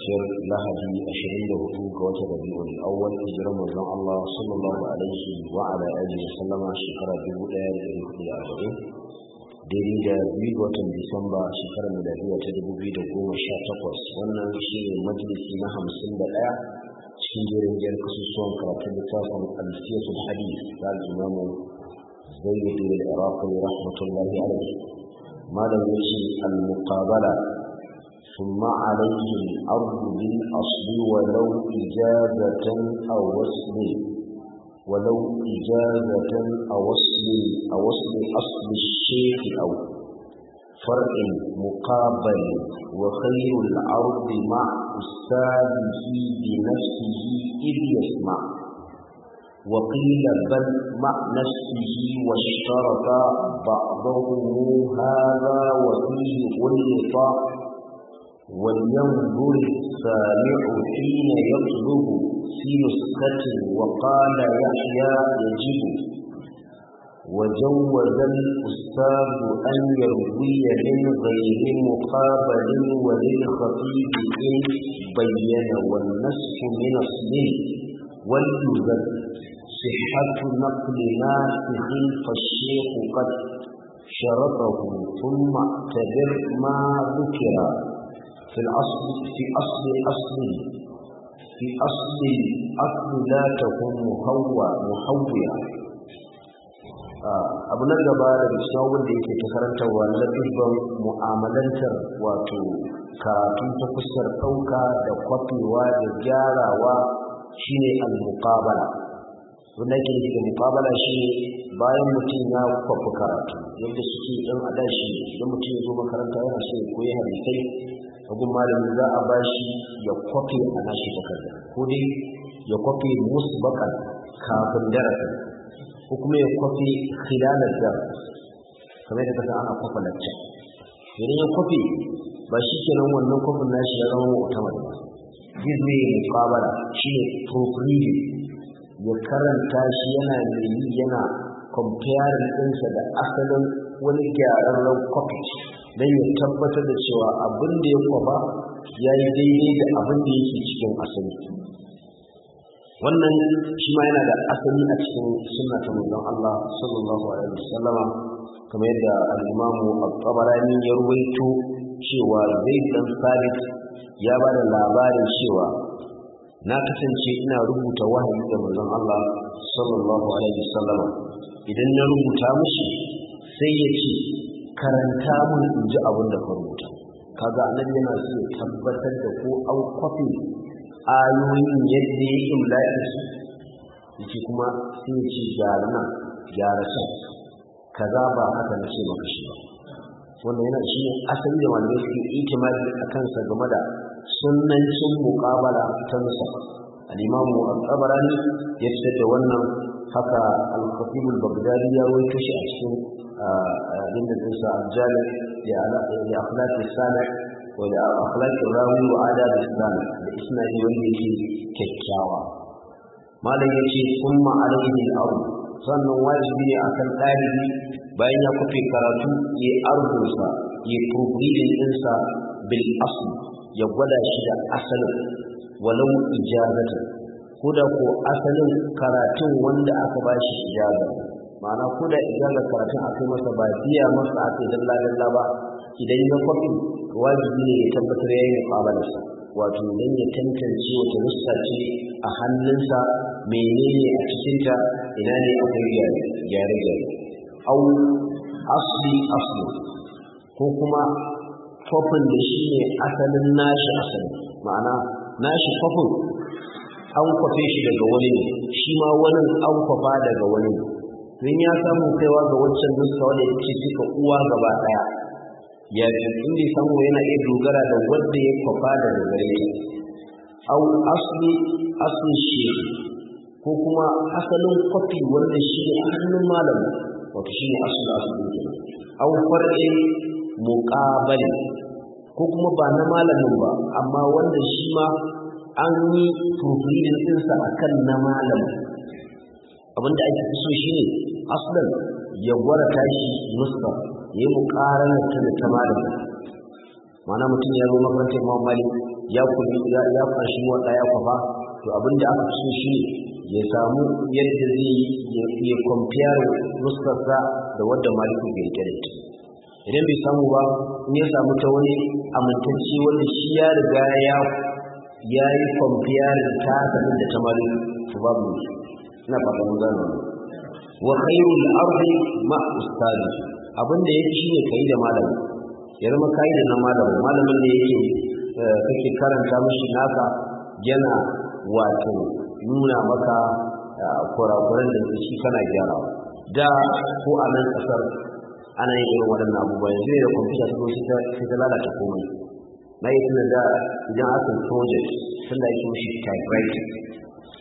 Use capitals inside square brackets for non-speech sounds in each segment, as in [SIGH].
maraiciyar lahadi 24 ga watan rabi'ul awwal hijirar manzon Allah sallallahu alaihi wa ala alihi wa sallama shekara 1440 daidai da biyu ga watan Disamba shekarar miladiya ta 2018 wannan shine majalisi na 51 cikin jerin jiyar kasusuwan karatun littafin alfiyatul hadith da al-imamu zayyadu al-iraqi rahmatullahi alaihi malam yace al-muqabala ثم عليه الأرض بالأصل ولو إجابة أو وصل ولو إجابة أو وصل أو وصل أصل الشيخ أو فرع مقابل وخير العرض مع أستاذه بنفسه إذ يسمع وقيل بل مع نفسه واشترط بعضهم هذا وفيه غلط ولينظر السامع حين يطلب في نسخة وقال يحيى يجب وجوز الأستاذ أن يروي من غير مقابل وللخطيب إن بين والنسخ من أصله وليذكر صحة نقل ناسخ فالشيخ قد شرطه ثم اعتبر ما ذكر في الأصل في أصل أصل في أصل أصل لا تكون مهوى محوية abu na gaba da cikin wanda yake ta karanta wa lafifin mu'amalantar wato karatu ta fuskar ɗauka da kwafewa da gyarawa shine al-muqabala wannan ke da muqabala shine bayan mutum ya kwafi karatu yadda suke ɗan adashi idan mutum ya zo makaranta yana so ya koyi hadisai gun malami za a bashi ya kwafe a nashi takarda ko dai ya kwafe musu baka kafin darasi ko kuma ya kwafe hilalar da kamar da kasa ana kwafa lacca idan ya kwafe ba shi kenan wannan kwafin nashi ya zama wata ba zai ya yi shi ne proofreading ya karanta shi yana yi yana comparing ɗinsa da asalin wani gyararren kwafi don ya tabbatar da cewa abin da ya kwaba ya yi daidai da abin da yake cikin asali wannan shi ma yana da asali a cikin sunna ta manzon Allah sallallahu alaihi wasallama kamar yadda al-imamu tabarani ya ruwaito cewa zai dan Sabit ya ba da labarin cewa na kasance ina rubuta wahayi da manzon Allah sallallahu alaihi idan na rubuta mushi sai ya ce karanta mun in ji abin da ka rubuta kaga annabi yana so ya tabbatar da ko an kwafi ayoyin yadda ya imla'i su yake kuma sun ce gyara nan gyara can kaza ba haka na ce maka shi ba wannan yana shi ne asali da wanda yake ikimali a kansa game da sunnancin muƙabala ta musa al-imamu al-tabarani ya fitar da wannan haka al-khatib al-baghdadi ya rawaito shi a cikin abin da dinsa abjali da akhlaqi salih ko da akhlaqi rawi wa adab salih da isnadi wanda yake kyakkyawa malam yace kuma alayhi al-ard sannan wajibi ne akan ɗalibi bayan ya kufe karatu ya arzunsa ya proofreading ɗinsa bil asl ya gwada shi da asalin walau ijazata ko da ko asalin karatun wanda aka ba shi ijaza ma'ana ko da ijalar karatun akai masa ba biya masa ake dalla dalla ba idan ya kwafi wajibi ne ya tabbatar ya yi shi wato idan ya tantance wata rusta ce a hannunsa menene a cikinta ina ne akwai gyare gyare au asli asli ko kuma kwafin da shi ne asalin nashi asali ma'ana nashi kwafin an kwafe shi daga wani ne shi ma wani an kwafa daga wani ne don ya samu kaiwa ga waccan nuska wadda ya ce duka uwa gaba daya ya ce in ne samu yana iya dogara da wadda ya kwafa da dogare au asli asli shi ko kuma asalin kwafi wanda shi ne hannun malam wato shi ne asali asali ne au far'i muqabali ko kuma ba na malamin ba amma wanda shi ma an yi tofilin ɗinsa a kan na malamin abinda ake so shi ne aslan ya gwara tashi nuska ya yi mukarar ta da ta malami mana mutum ya zo makaranta imam malik ya kuli ya ya kashi wanda ya kwafa to abin da aka so shi ya samu yadda zai yi ya compare sa da wanda malik bai tare ta idan bai samu ba in ya samu ta wani amintacci wanda shi ya riga ya ya yi compare ta da ta malik to babu ina fata mun gano wa khairul ardi ma ustadi abinda yake shine kai da malami yar ma kai da malami malamin da yake eh, kake karanta mishi naka yana wato nuna maka eh, kurakuran da shi kana gyara. da ko a nan kasar ana yin irin waɗannan abubuwa yanzu ne da kwamfuta su sai ta lalata komai na yi tunan da idan aka project sun da shi mishi typewriting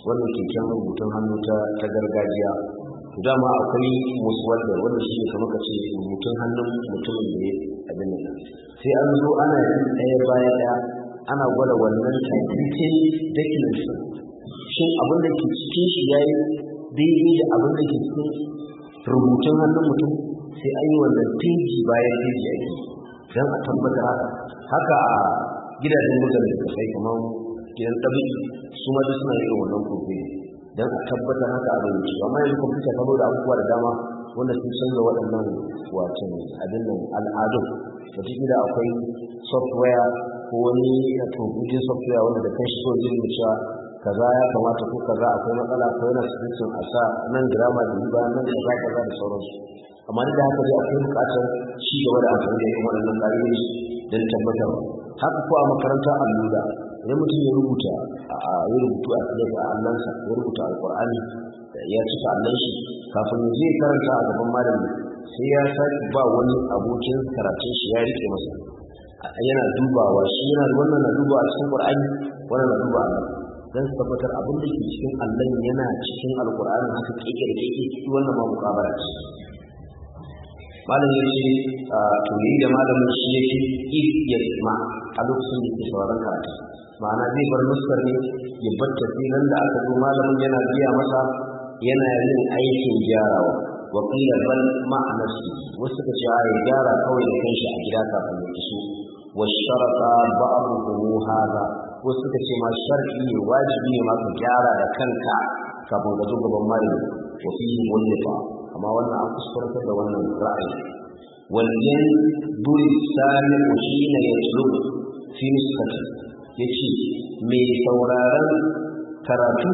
wannan keken rubutun hannu ta gargajiya dama akwai muswadda wanda shi ne kamar ka ce mutum hannun mutumin da ya abin nan sai an zo ana yin ɗaya baya ɗaya ana gwada wannan ke dakilinsa shin abin da ke cikin shi ya yi daidai da abin da ke cikin rubutun hannun mutum sai an yi wannan tinji bayan tinji yi don a tabbatar haka haka a gidajen mutane da kai kamar gidan ɗabi'i su ma suna yin wannan kurkuri don a tabbata haka abin yake amma yanzu kwamfuta ta da abubuwa da dama wanda sun canza waɗannan wato abin nan al'adun da akwai software ko wani wato gudun software wanda da kashi so jirgin cewa kaza ya kamata ko kaza akwai matsala ko yana suggestion a sa nan girama da riba nan da kaza kaza da sauransu amma duk da haka dai akwai buƙatar ci gaba da amfani da irin waɗannan ƙa'idoji don tabbatarwa haka ko a makarantar allura idan mutum ya rubuta a ya rubutu a cikin allansa ya rubuta da ya ci allan shi kafin zai karanta a gaban malami sai ya sake ba wani abokin karatun shi ya rike masa yana dubawa shi yana wannan na dubawa cikin qur'ani wannan na dubawa dan tabbatar abin da ke cikin allan yana cikin Alƙur'ani haka kike da kike wannan ma mukabara ce malam ya ce a ni da malamin shi ne yake iya ma a lokacin da ke sauran karatu ma'ana zai bar nuskar ne ya bar tafiran da aka zo malamin yana biya masa yana yin aikin gyarawa wa qila bal ma'a nafsi wasu ka ce a ya gyara kawai da kanshi a gida kafin ya iso wa sharata ba'dahu hada wasu ka ce ma shar'i ne wajibi ne ma ka gyara da kanka kafin ka zo gaban malami wa fi wallafa amma wannan an kuskurta da wannan ra'ayi wal yan duri sami ushina yatlubu fi nuskati ya ce mai sauraron karatu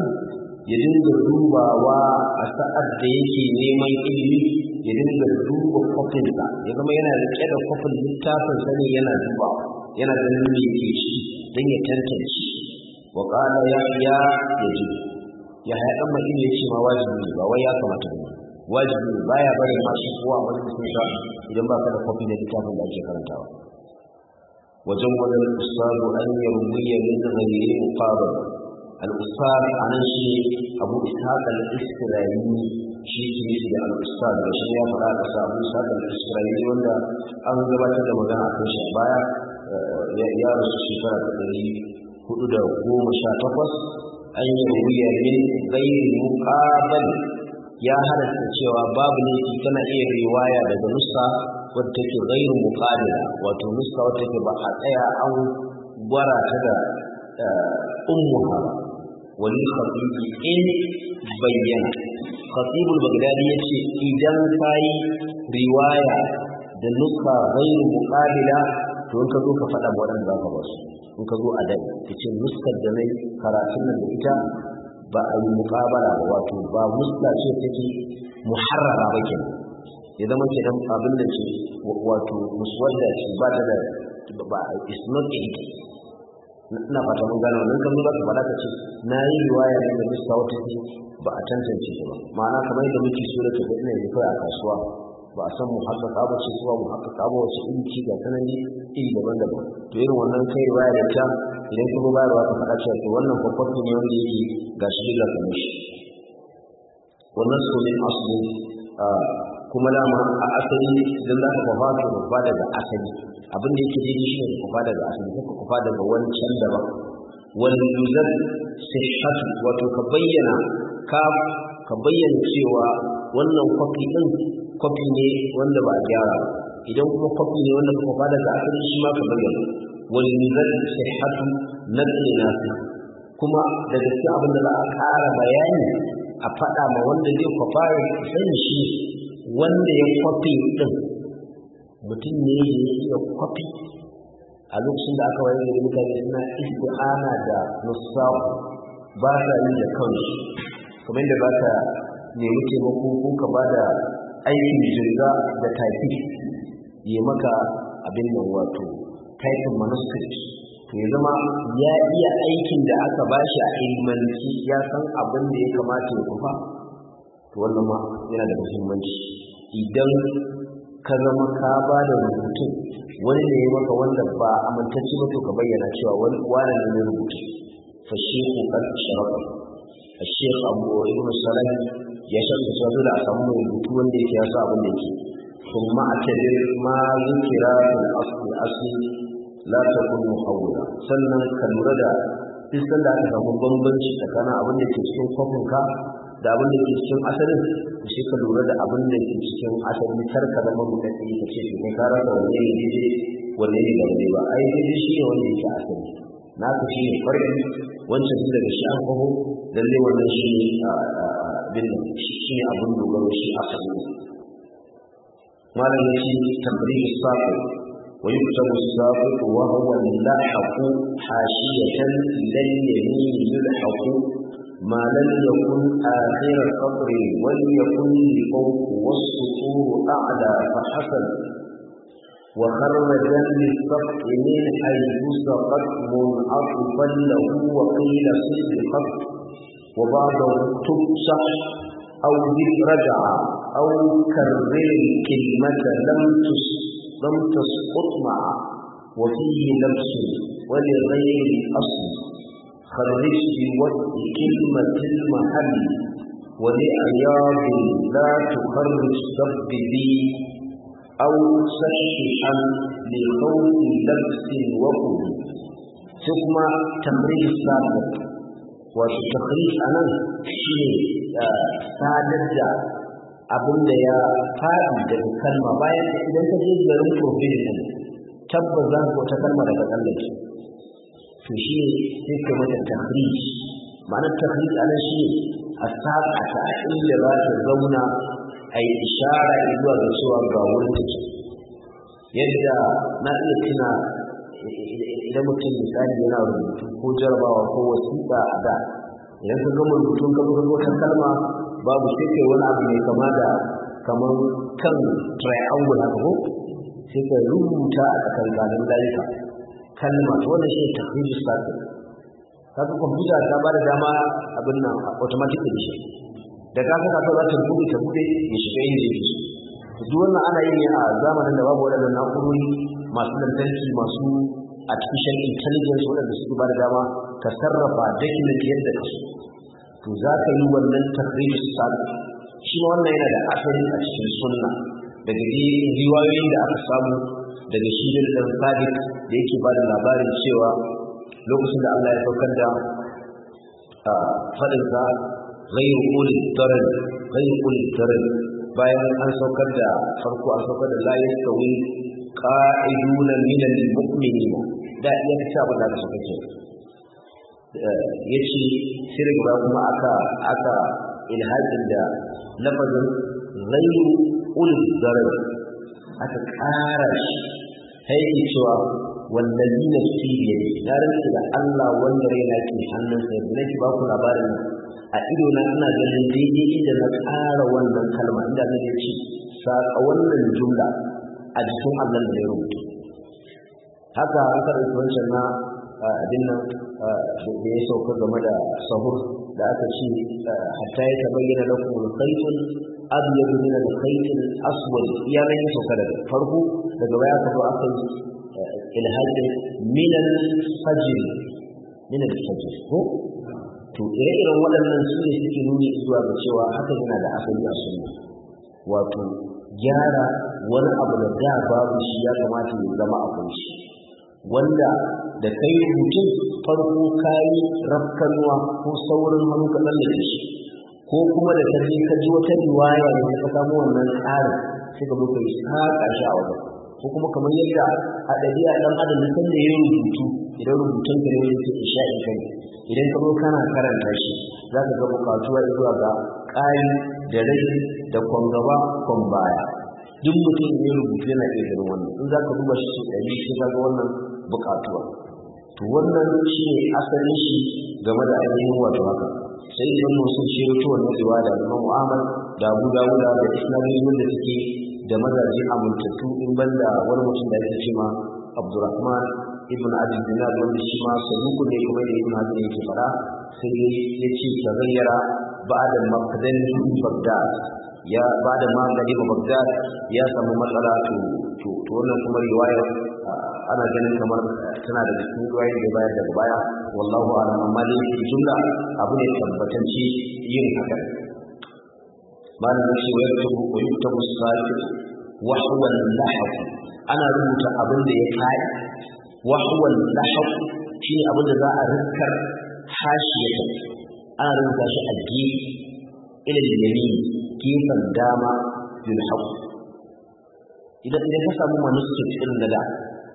ya dinga dubawa a sa'ad da yake neman ilimi ya dinga duba kwafinsa ya zama yana rike da kwafin littafin sani yana duba yana ganin ya ke shi don ya tantance wa qala ya ya ji ya haɗa mutum ya ce ma wajibi ba wai ya kamata ne wajibi ya bari masu kowa wani kusurwa idan ba ka da kwafi na littafin da ake karantawa wajen wajen ustazu an yi rumuniyar yin zazzabi ne mukabar al'ustar a nan shi ne abu ta kan israeli shi ke yi da al'ustar da shi ya fara ka samu sakan israeli wanda an gabatar da magana a kan shi baya ya rasu shekara ta ɗari hudu da goma sha takwas an yi rumuniyar yin zairi mukabar ya haɗa cewa babu ne tana iya riwaya daga musa. wadda take ghairu muqadila wato nuska wadda take ba a tsaya an gwara ta da eh, ummuha wani khatibi in bayyana khatibul bagdadi ce idan kai riwaya da nuska ghairu muqadila to in ka zo ka faɗa ba waɗanda za ka ba su in ka zo a dai ka ce nuskar da nai karatun nan da ita ba a yi muƙabala ba wato ba nuska ce take muharrara ba kenan ya zama dan abin da ce wato muswadda ce ba ta da ba is not a hit ina fata mun gano nan kan ba ta fada ce na yi riwaya ne da Mr. Houghton ba a tantance ba ma'ana kamar yadda muke so da tafi ina yi kawai a kasuwa ba a san muhaka ba ce kuma muhakkaka ba wasu inci ga sanani iri daban-daban to irin wannan kai riwaya da ta idan kuma bayarwa ta faɗa cewa to wannan babban ne wanda yake ga shi da kuma shi wannan sunan asalin ah, kuma lama a asali idan za ka kwafa ka kwafa daga asali abin da yake daidai shi ne kwafa daga asali ka kwafa daga wancan ba. wani yuzar sihhatu wato ka bayyana ka ka bayyana cewa wannan kwafi ɗin kwafi ne wanda ba a gyara idan kuma kwafi ne wanda ka kwafa daga asali shi ma ka bayyana wani yuzar sihhatu na tsina kuma da gaske abin da za a ƙara bayani a faɗa ma wanda zai kwafa ya sani shi wanda ya kwafi ɗin mutum ne ya yi ya kwafi a lokacin da aka wani gari mutane suna ana da nusaku ba sa yi da kansu kuma yadda ba ta nemi taimako ko ka ba da aikin jirga da tafi ya maka abin nan wato taifin manuscript to ya zama ya iya aikin da aka bashi a ilmanci ya san abin da ya kamata ya kufa to wannan ma yana da muhimmanci idan ka zama ka ba da rubutu wani ne ya maka wanda ba amintacce ba to ka bayyana cewa wani wani ne ya rubuta. fa shi ku kan sharafa a shi ka abu wa ibn salam ya san da sabu da samu rubutu wanda yake ya sa abin da yake kuma ma a ce ma zikira da asli asli la ta kun muhawwala sannan ka lura da duk sanda aka samu bambanci tsakanin abin da ke cikin kofin ka da abin da ke cikin asalin ku shi ka lura da abin da ke cikin asalin tarka da mabukaci ka ce shi ne ka rasa wanne ne daidai wanne ne daidai ba ai daidai shi ne wani yake asali na ku shi ne farko wancan tun daga shi an kwaho lalle wannan shi ne abin da shi ne abin dogaro shi asali malam ya ce tambayi sa'a ويكتب السابق وهو اللحق حاشية لن يمين يلحق ما لم يكن آخر قطر وليكن الفوق والسطور أعلى فحسب وخرج للسقط من حيث سقط منعطفا له وقيل صدقت وبعده تفسح أو رجع أو كرر كلمة لم لم تسقط معه وفيه لبس ولغير الأصل كالرشد كلمة المحل ولأياض لا تخرج سب لي أو سشحا لخوف لبس وقود ثم تمرير السابق وتخريج أنا شيء آه، سادة abin da ya faɗi daga kalma bayan idan ta je garin profesion tabbas za ta kalma daga to shi ne sai ka mata tahrij ma'anar tahrij a nan shi ne a saƙa ta inda za ta zauna a yi ishara zuwa ga cewa ga wurin take yadda na iya tuna idan mutum misali yana rubutu ko jarabawa ko wasiƙa a da idan ka gama rubutun ka buga wata kalma babu sai kai wani abu mai kama da kamar kan triangle haka ko sai ka rubuta a tsakan ganin dalika kalma to wannan shi ne tahrij saqil ga computer ta bada dama abin nan automatic shi da ka saka to za ta rubuta ta bude ya shiga inda yake to duk wannan ana yi ne a zamanin da babu wadannan na'urori masu lantarki masu artificial intelligence wadanda suke bada dama ka sarrafa document yadda so. to za ka yi wannan tahrij saqil shi wannan yana da asali a cikin sunna daga riwayoyin da aka samu daga shi da sabit da yake ba da labarin cewa lokacin da Allah ya saukar da faɗin faɗinsa غير أولي الضرر غير أولي الضرر bayan an saukar da farko an saukar da layin sauyi ƙa'iduna minan mu'mini da iya ka ci abin da aka saukar ya ce shirin ba kuma aka aka ilhajin da lafazin zairu ulul zarar aka ƙara shi ta cewa wallazi na fi biyadi na rantsa da Allah wanda raina ke hannunsa yanzu nake ba ku labarin a ido na ina ganin daidai inda na tsara wannan kalma inda na ne ce saka wannan jumla a jikin Allah da ya rubuta haka haka da wancan na abin nan da ya sauka game da sahur da aka ce hatta ya tabayyana lakum al-khaytul abyad min al-khaytil aswad ya nan ya sauka daga farko daga baya aka zo aka الهدر من الفجر من الفجر هو to ire-iren waɗannan su ne suke nuni zuwa ga cewa haka yana da asali a sunna wato gyara wani abu da da babu shi ya kamata ya zama akwai wanda da kai rubutun farko kayi rafkanuwa ko saurin hannu kaɗan da shi ko kuma da kaje ka ji wata riwaya da ka samu wannan tsarin sai ka zo ka yi a wajen ko kuma kamar yadda a ɗabi'a ɗan adam da san da rubutu idan rubutun ka ne ke ke isha'in kai idan ka zo kana karanta shi za ka ga bukatuwa zuwa ga ƙari da rai da kwangaba kwan baya duk mutum ya rubutu yana iya ganin wannan in za ka duba shi su ɗari sai ka ga wannan bukatuwa to wannan shi ne asalin shi game da ainihin wato haka sai idan musu shi rutuwar na riwaya da Imam da Abu Dawud da Isnadi da suke da mazaje amintattu in banda wani mutum da ake cewa Abdurrahman ibn Abi Dinar wanda shi ma saduku ne kuma da ibn yake fara sai ya ce tagayyara ba'da maqdan Baghdad ya ba'da ma Baghdad ya samu matsala to to wannan kuma riwaya ah, ana ganin kamar tana da cikin riwaya da bayar daga baya wallahu a'lam amma dai jumla abu ne tabbatacce yin hakan. bana da shi wani tabu kuyuta musaki wahuwan lahafu ana rubuta abin da ya kai wahuwan lahafu shi ne abin da za a rikar hashiyar ana rubuta shi a gefe ilil dama bin hafu idan idan ka samu manuskript din da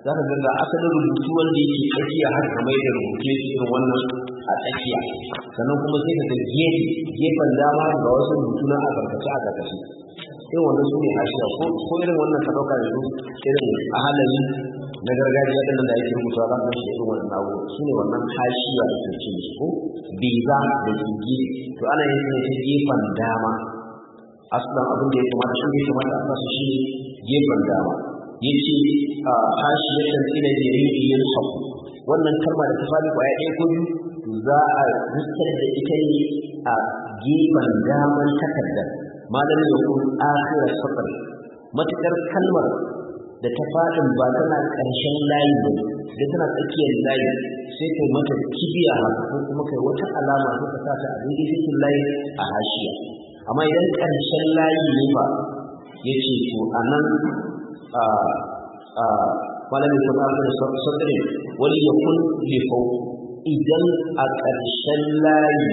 za ka ga asalin rubutu wanda yake ajiya har kamar da rubutu irin wannan a tsakiya sannan kuma sai ka ga gefe gefen dama da wasu mutuna a karkace a karkace irin wannan su ne hashiya ko irin wannan ta ɗauka yanzu irin a halayi na gargajiya ɗin da ake rubuta za ka shi irin wannan abu su ne wannan hashiya da ke cin su biza da ke gefe to ana yin ne ta gefen dama aslan abin da ya kamata shi ne kamata a kasu shi gefen dama yace ah, hashiyatan ila yariyin safu wannan kalma da ta fadi kwaya ɗaya ko biyu za a rikar da ita ne a gefen damar takardar malamin ya kuma akira safar matakar kalmar da ta faɗin ba tana ƙarshen layi ba da tana tsakiyar layi sai kai mata kibiya haka ko kuma kai wata alama ko ka sa ta a daidai cikin layi a hashiya amma idan ƙarshen layi ne ba ya ce to a nan malamin da kun akira safar wani ya kun lefau idan a ƙarshen layi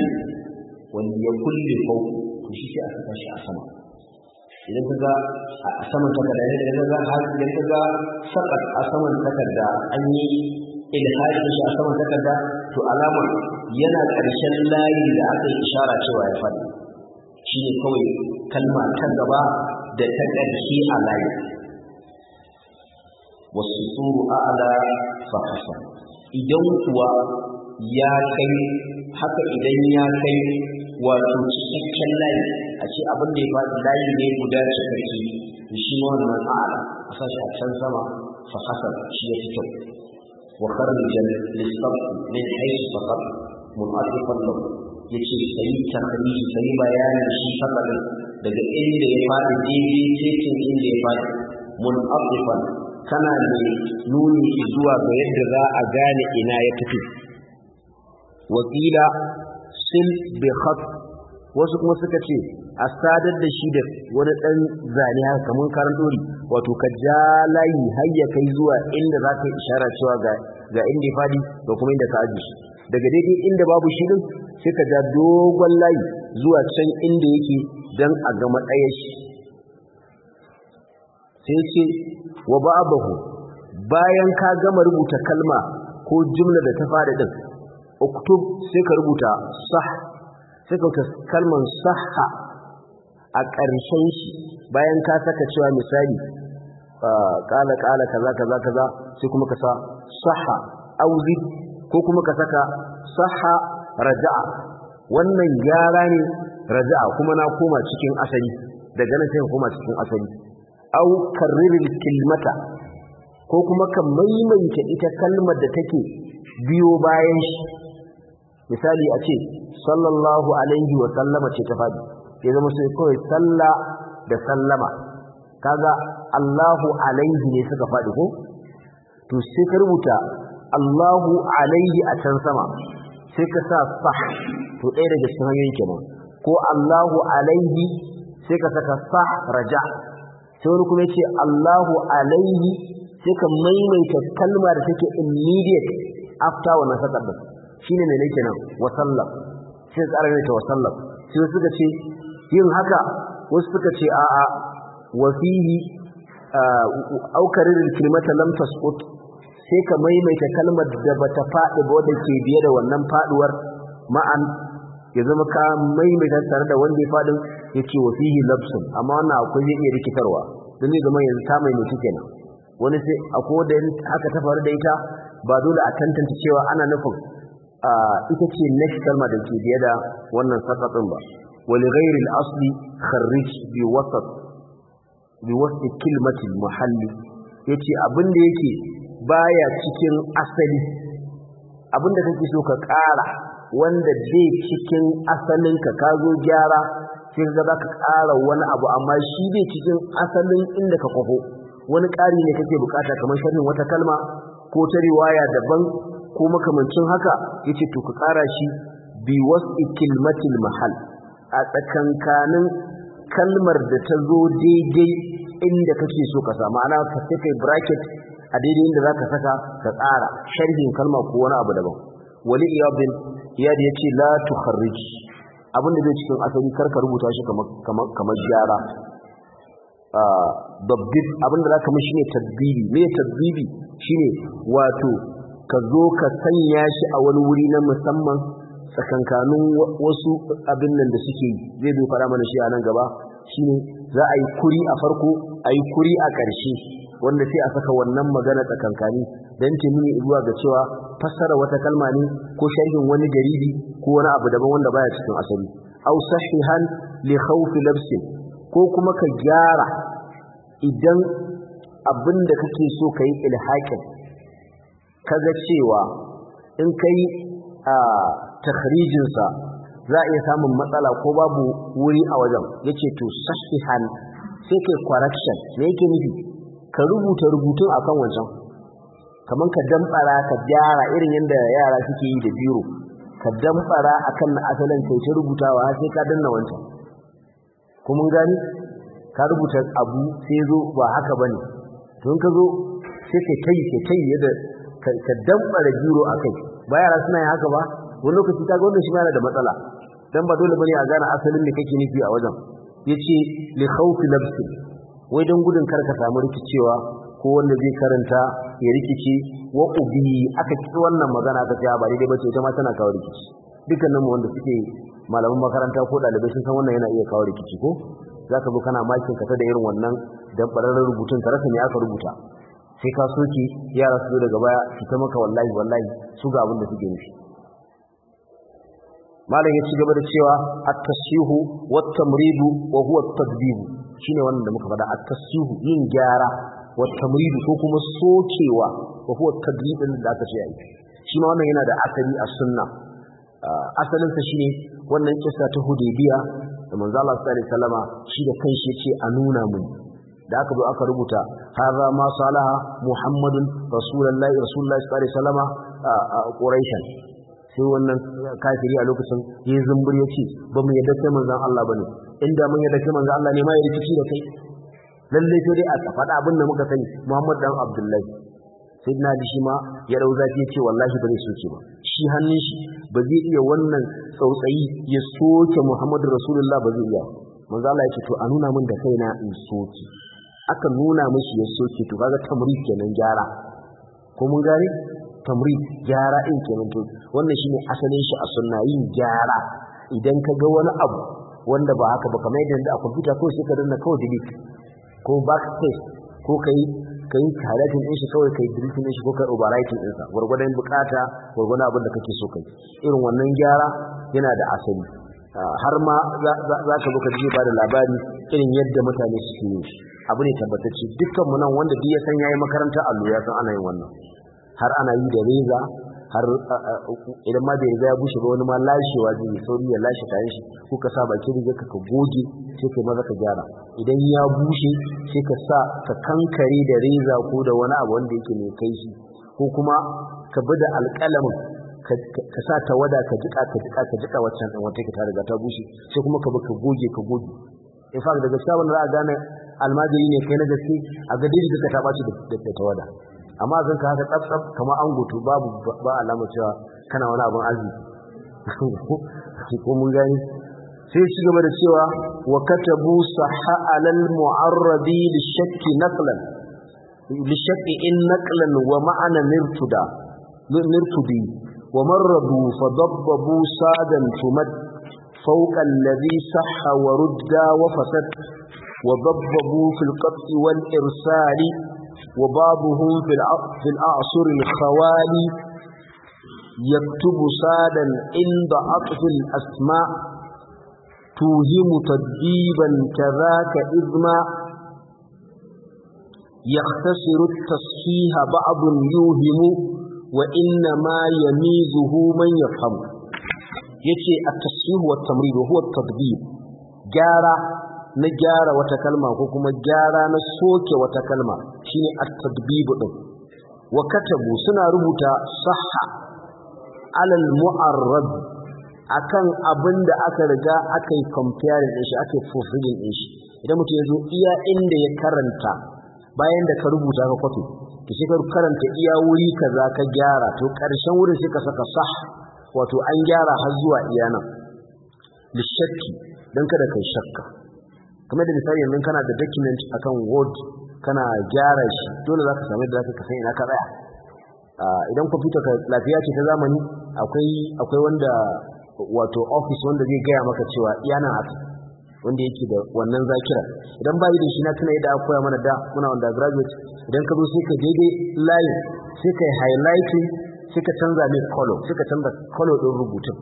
wani ya kulle fau to shi ke a saka shi a sama idan ka ga a saman takarda ne idan ka ga idan ka ga sakat a saman takarda an yi ilhari shi a saman takarda to alama yana ƙarshen layi da aka yi ishara cewa ya faɗi shi ne kawai kalma ta gaba da ta ƙarshe a layi wasu tsoro ala fa idan kuwa ya kai haka idan ya kai wato cikakken layi a ce abin da ya faɗi layi ne guda da shi ma wannan a'ala a sashi a can sama fa hasan shi ya fito kyau karni kharija lissafi min haisu fakar mu'arifan ya ce sai tahriji sai bayanin shi fakalin daga inda ya faɗi daidai cikin inda ya faɗi mun'arifan kana da nuni zuwa ga yadda za a gane ina ya tafi wakila sil bi khat wasu kuma suka ce a sadar da shi da wani ɗan zane haka kamar karan dori wato ka ja layi har ya kai zuwa inda za ka ishara cewa ga ga inda ya fadi da kuma inda ka aji daga daidai inda babu shi din sai ka ja dogon layi zuwa can inda yake dan a ga matsayar shi sai ce wa ba'abahu bayan ka gama rubuta kalma ko jumla da ta fara din uktub sai ka rubuta sah sai ka kalman sahha a ƙarshen shi bayan ka saka cewa misali ah, ƙala ƙala kaza kaza kaza sai kuma ka sa sahha auzi ko kuma ka saka sahha raja'a wannan gyara ne raja'a kuma na koma cikin asali daga nan sai koma cikin asali au karriril kilmata ko kuma ka maimaita ita kalmar da take biyo bayan shi misali a ce sallallahu alaihi wa sallama ce ta faɗi sai zama sai kawai salla da sallama kaga Allahu alaihi ne suka faɗi ko to sai ka rubuta Allahu alaihi a can sama sai ka sa sa to ɗaya daga cikin hanyoyin kenan ko Allahu alaihi sai ka saka sa raja sai wani kuma yace Allahu alaihi sai ka maimaita kalma da take immediate after wannan sakar ne mene kenan wa sallam sai tsara ne ta Wasallam. sai suka ce yin haka wasu suka ce a a wa fihi aukarir kilmata lam sai ka maimaita kalmar da bata faɗi ba wadda ke biye da wannan faɗuwar ma'an ya zama ka maimaita tare da wanda ya faɗin yake wa fihi labsun amma wannan akwai zai iya rikitarwa don zai zama yanzu ta maimaita kenan wani sai akwai da haka ta faru da ita ba dole a tantance cewa ana nufin ita ce next kalma da ke biye da wannan sakatun ba Wani gairin asli kharrij bi wasat bi wasat kalmati muhalli yace abin da yake baya cikin asali abin da kake so ka ƙara wanda bai cikin asalin ka ka zo gyara sai ka za ka ƙara wani abu amma shi bai cikin asalin inda ka kwafo wani ƙari ne kake bukata kamar sharhin wata kalma ko ta riwaya daban ko makamancin haka yace to ka tsara shi bi was'i kilmatil mahal a tsakankanin kalmar da ta zo daidai inda kake so ka samu ana ka sai bracket a daidai inda zaka saka ka tsara sharhin kalma ko wani abu daban wali iyabin ya ce la tukharrij abin da zai cikin asali karka rubuta shi kamar gyara babbid abin da zaka mishi ne tadbibi me shi ne, wato ka zo ka sanya shi a wani wuri na musamman tsakankanin wasu abin nan da suke yi zai zo fara mana shi a nan gaba shine za a yi kuri a farko a yi kuri a ƙarshe wanda sai a saka wannan magana tsakankani don ta nuni zuwa ga cewa fassara wata kalma ne ko sharhin wani jaridi ko wani abu daban wanda baya cikin asali aw sahihan li khawfi ko kuma ka gyara idan abin da kake so kayi yi kaga cewa in kai a takhrijinsa za a iya samun matsala ko babu wuri a wajen yace to sahihan sai kai correction me yake nufi ka rubuta rubutun akan wancan kaman ka damfara ka gyara irin yadda yara suke yi da biro ka damfara akan na asalin kai ta rubutawa sai ka danna wancan kuma gani ka rubuta abu sai zo ba haka bane to in ka zo sai kai kai kai yadda ka damfara giro a kai ba yara suna yin haka ba wani lokaci ta gwamnati shi yana da matsala dan ba dole bane a gane asalin me kake nufi a wajen yace li khawfi nafsi wai dan gudun kar ka samu rikicewa ko wanda zai karanta ya rikice wa ubi aka ci wannan magana ka ce ah, ba daidai bace ita ma tana kawo rikici dukkanin mu wanda suke malaman makaranta ko dalibai sun san wannan yana iya kawo rikici ko zaka bi kana makin ka ta da irin wannan dan bararren rubutun ka rasa me aka rubuta sai ka soke yara su daga baya su ta maka wallahi wallahi su ga abin da suke nufi malam ya ci gaba da cewa at-tashihu wa tamridu wa huwa at-tadbib shine wannan da muka faɗa at-tashihu yin gyara wa tamridu ko kuma sokewa wa huwa at-tadbib da aka ce ai shi ma wannan yana da asali a sunna ah, asalin sa shine wannan kissa ta Hudaybiya da manzo Allah sallallahu alaihi wasallama shi da kanshi ce a nuna muni. da aka zo aka rubuta hadha ma salaha muhammadun rasulullahi rasulullahi sallallahu alaihi a quraishan sai wannan kafiri a lokacin ya zumbur ya ce ba mu yadda kai manzon Allah bane inda mun yadda kai manzon Allah ne ma ya rikici da kai lalle sai dai a faɗa abin da muka sani Muhammad dan Abdullahi sai na ji shi ma ya rau zafi ce wallahi ba zai soke ba shi hannun shi ba zai iya wannan tsautsayi ya soke Muhammadu Rasulullah ba zai iya manzo Allah ya ce to a nuna min da kaina in soke aka nuna mashi ya soke to kaga tamrid kenan gyara ko mun gane tamri gyara in kenan to wannan shine asalin shi a sunna yin gyara idan ka ga wani abu wanda ba haka ba kamar yadda a computer ko sai ka danna kawai delete ko test ko kai kai halatin din shi kawai kai deleting din shi ko kai overwriting din sa gurgurdan bukata gurgurdan abin da kake so kai irin wannan gyara yana da asali har ma za ka zo ji ba da labari irin yadda mutane suke yi abu ne tabbatacce dukkan mu nan wanda duk ya san yayi makaranta allo ya san ana yin wannan har ana yi da reza har idan ma bai ya bushe ba wani ma lashewa zai sauri ya lashe kayan shi ko ka sa baki riga ka ka goge sai kai maza ka gyara idan ya bushe sai ka sa ka kankare da reza ko da wani abu wanda yake mai kai shi ko kuma ka bi da alƙalamin ka sa ta wada ka jika ka jika ka jika waccan ɗan wata tare riga ta bushe sai kuma ka bi ka goge ka goge in fa daga gaskiya wanda za a gane almajiri ne kai na gaske a ga dai ka ta baci da ta wada amma zan ka haka tsaf tsaf kamar an goto babu ba alama cewa kana wani abin arziki [LAUGHS] ko mun gani sai shi gaba da cewa wa katabu sahha alal mu'arrabi li shakki naqlan li shakki in naqlan wa ma'ana nirtuda nirtubi ومردوا فضببوا سادا تمد فوق الذي صح ورد وفسد وضببوا في القطع والإرسال وبعضهم في الأعصر الخوالي يكتب سادا عند عطف الأسماء توهم تدبيبا كذاك إذما يختصر التصفيه بعض يوهم wa inna ma yamizuhu man yafham yace at ce wa tamrid wa huwa at-tadbir gyara na gyara wata kalma ko kuma gyara na soke wata kalma shine a tadbib ɗin. wa katabu suna rubuta sahha alal mu'arrab akan abin da aka riga aka yi comparing din shi aka yi fulfilling din shi idan mutum ya zo iya inda ya karanta bayan da ka rubuta ka kwafi to shi karanta iya wuri kaza ka gyara to karshen wurin shi ka saka sah wato an gyara har zuwa iya nan shakki don kada kai shakka kuma da misali yanzu kana da document akan word kana gyara shi dole za ka samu da za ka san ina ka tsaya idan kwamfuta ka lafiya ce ta zamani akwai akwai wanda wato office wanda zai gaya maka cewa iya nan haka wanda yake da wannan zakira idan ba yi da shi na tuna yadda aka koya mana da muna wanda graduate idan ka zo sai ka daidai layin sai ka yi highlighting sai ka canza mai color sai ka canza color din rubutun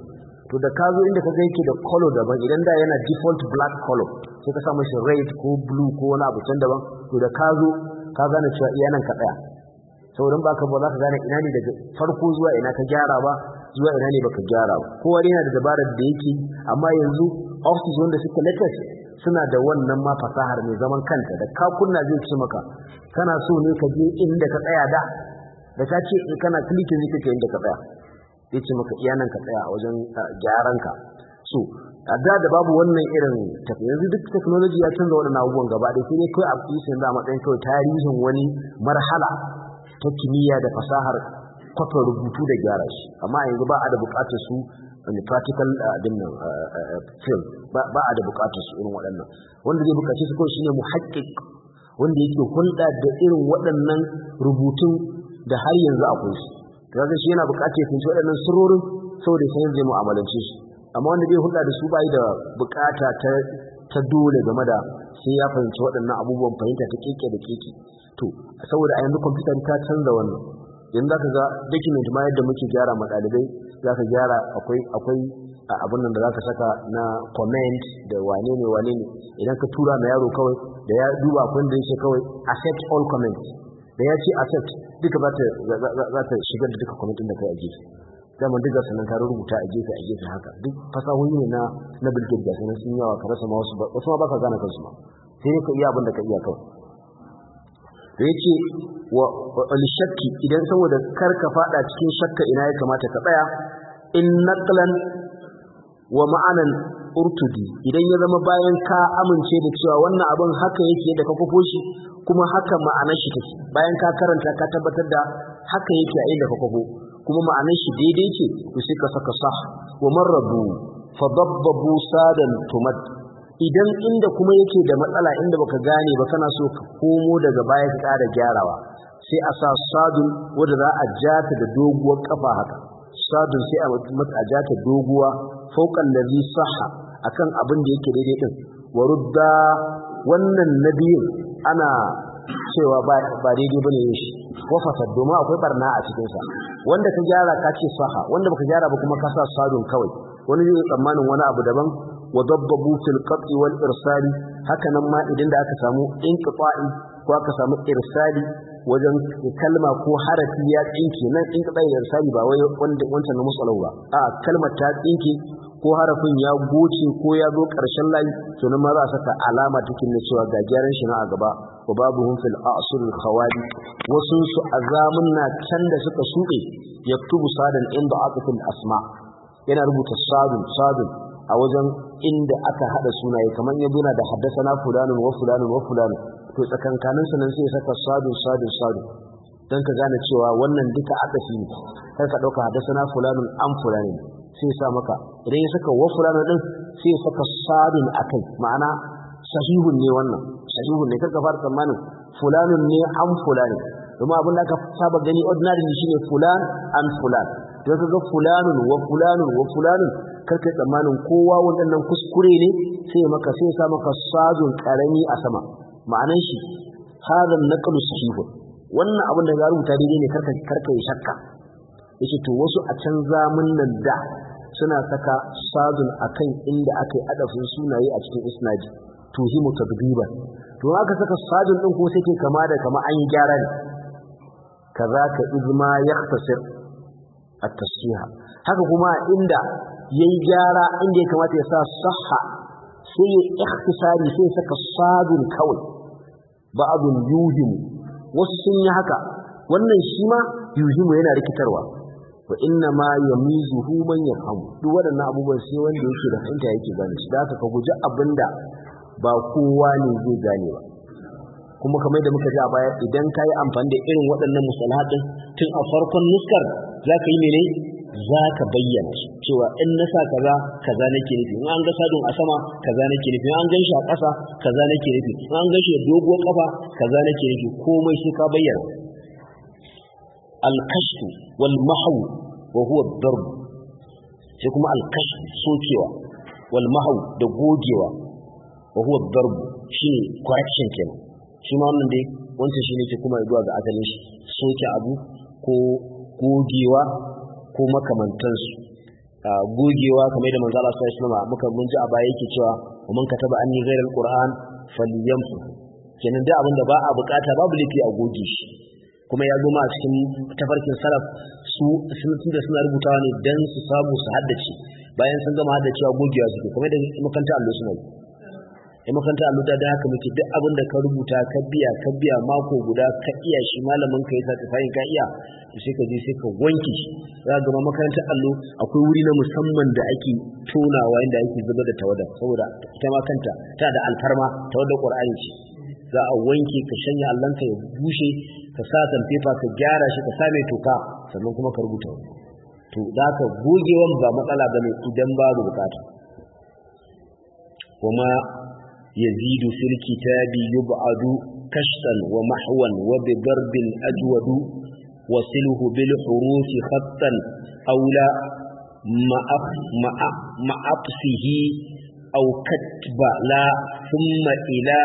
to da ka zo inda ka ga yake da color daban idan da yana default black color sai ka sa mashi red ko blue ko wani abu can daban to da ka zo ka gane cewa iya nan ka tsaya baka ba za ka gane ina ne daga farko zuwa ina ka gyara ba zuwa ina ne baka gyara ba kowa yana da dabarar da yake amma yanzu oxygen wanda suke latest suna da wannan ma fasahar mai zaman kanta da ka kunna zai ci maka kana so ne ka je inda ka tsaya da da ka ce eh, kana clicking ne kake inda ka tsaya zai ce maka iyanan ka tsaya a wajen gyaran ka so a da da babu wannan irin tafiya yanzu duk technology ya canza wannan abubuwan gaba da sai kai a cikin yanzu a matsayin kai tarihin wani marhala ta kimiyya da fasahar kwafa rubutu da gyara shi amma yanzu ba a da buƙatar su wani eh, practical din eh, nan eh, film ba a da bukatar su irin waɗannan wanda zai bukaci su kawai shine muhaqqiq wanda yake hulɗa da irin waɗannan rubutun da har yanzu akwai su kaga shi yana bukace sun ci waɗannan surorin saboda sai zai mu'amalance su amma wanda zai hulɗa da su bai da bukata ta ta dole game da sai ya fahimci waɗannan abubuwan fahimta ta keke da keke to saboda a yanzu kwamfutar ta canza wannan za zaka ga document ma yadda muke gyara ma ɗalibai ka gyara akwai akwai abin da da ka saka na comment da wane ne wane ne idan ka tura ma yaro kawai da ya duba akwai da yake kawai accept all comments da ya ce accept duka za ta shigar da duka comment da kai a gefe zaman duka sannan ka rubuta a gefe a gefe haka duk fasahohi ne na na bilgir da sannan sun yawa ka rasa masu wasu ba wasu ma gane kansu ba sai ka iya abin da ka iya kawai da ya ce. wa shakki idan saboda kar ka fada cikin shakka ina ya kamata ka tsaya in naqlan wa ma'anan urtudi idan ya zama bayan ka amince da cewa wannan abin haka yake da kafa kuma haka ma'anar shi take bayan ka karanta ka tabbatar da haka yake a inda kafa ko kuma ma'anar shi daidai ce to sai ka saka sah wa marrabu fa dabbabu sadan tumad idan inda kuma yake da matsala inda baka gane ba kana so ka komo daga baya ka gyarawa sai a sa sadun wanda za a jata da doguwar kafa haka sadun sai a mata a jata doguwa fauqan ladhi a akan abin da yake daidai din wa rudda wannan nabiyin ana cewa ba daidai bane yin shi wa domin akwai barna a cikinsa. wanda ka gyara ka ce saha wanda baka gyara ba kuma ka sa sadun kawai wani zai tsammanin wani abu daban wa dabbabu fil qat'i wal irsali haka nan ma idan da aka samu inqita'i ko aka samu irsali wajen kalma ko harafi ya tsinke nan in ka tsaye irsali ba wai wanda wancan na musalau ba a kalmar ta tsinke ko harafin ya goce ko ya zo ƙarshen layi to nan ma za a saka alama cikin na cewa ga gyaran shi na a gaba wa babu hun fil asrul khawali wasu su azamun na can da suka suke yaktubu sadan inda aqatul asma yana rubuta sadun sadun a wajen inda aka hada sunaye kamar ya na da haddasa na fulanin wa fulanin wa fulanin to tsakankanin nan sai saka sadu sadu sadu don ka gane cewa wannan duka aka fi ne. kar ka ɗauka hadasana fulanun an fulani sai sa maka idan ya saka wa fulana ɗin sai ya saka sadun akai ma'ana sahihun ne wannan sahihun ne kaga fara tsammanin fulanun ne an fulani kuma abin da aka saba gani ordinary ne shine fulan an fulan to ga fulanun wa fulanun wa fulanun kar ka tsammanin kowa waɗannan kuskure ne sai maka sai ya sa maka sadun karami a sama ma'anan shi hadha naqlu sahih wannan abin da ya rubuta daidai ne karka karka ya shakka yace to wasu a can zamun nan da suna saka sadun akan inda aka yi adafin sunaye a cikin isnadi tuhimu tadbiban to haka saka sadun din ko sai ke kama da kama an yi gyara ne kazaka izma yahtasir at-tashiha haka kuma inda yayi gyara inda ya kamata ya sa sahha sai ya ikhtisari sai saka sadun kawai ba'adun yuhimu wasu sun yi haka wannan shi ma yuhimu yana rikitarwa wa inna ma yamizuhu man yafhamu duk waɗannan abubuwan sai wanda yake da hanta yake gane shi da haka ka guji abinda ba kowa ne zai gane ba kuma kamar da muka ji a baya idan ka yi amfani da irin waɗannan musalahatin tun a farkon nuskar za ka yi ne? za ka bayyana shi cewa in na sa kaza kaza nake nufi in an ga sadun a sama kaza nake nufi in an ganshi a ƙasa kaza nake nufi in an ganshi a da doguwar ƙafa kaza nake nufi komai sai ka bayyana al-kashf wal mahw wa huwa darb sai kuma al-kashf sokewa wal mahw da gogewa wa huwa darb shi correction kenan shi ma wannan dai wancan shi ne ke kuma zuwa ga asalin shi soke abu ko gogewa ko makamantansu gogewa kamar da manzo Allah sallallahu alaihi muka mun ji a baya yake cewa man kataba anni ghairal qur'an falyamsu kenan da abinda ba a bukata babu laifi a goge shi kuma ya zo ma a cikin tafarkin salaf su sun da suna rubutawa ne dan su samu su haddace bayan sun gama haddacewa gogewa suke kuma da makaranta Allah suna yi ya makaranta alluta da haka muke duk abin da ka rubuta ka biya ka biya mako guda ka iya shi malamin ka yasa ta ka iya to sai ka je sai ka wanke shi za ga makaranta allo akwai wuri na musamman da ake tonawa inda ake zuba da tawada saboda ita ma kanta ta da alfarma tawada qur'ani ce za a wanke ka shanya allanka ya bushe ka sa sanfefa ka gyara shi ka sa mai toka sannan kuma ka rubuta to da ka gogewan ba matsala bane idan babu bukata kuma يزيد في الكتاب يبعد كشفا ومحوا وبضرب أجود وصله بالحروف خطا أولى مع عطفه أو كتب لا ثم إلى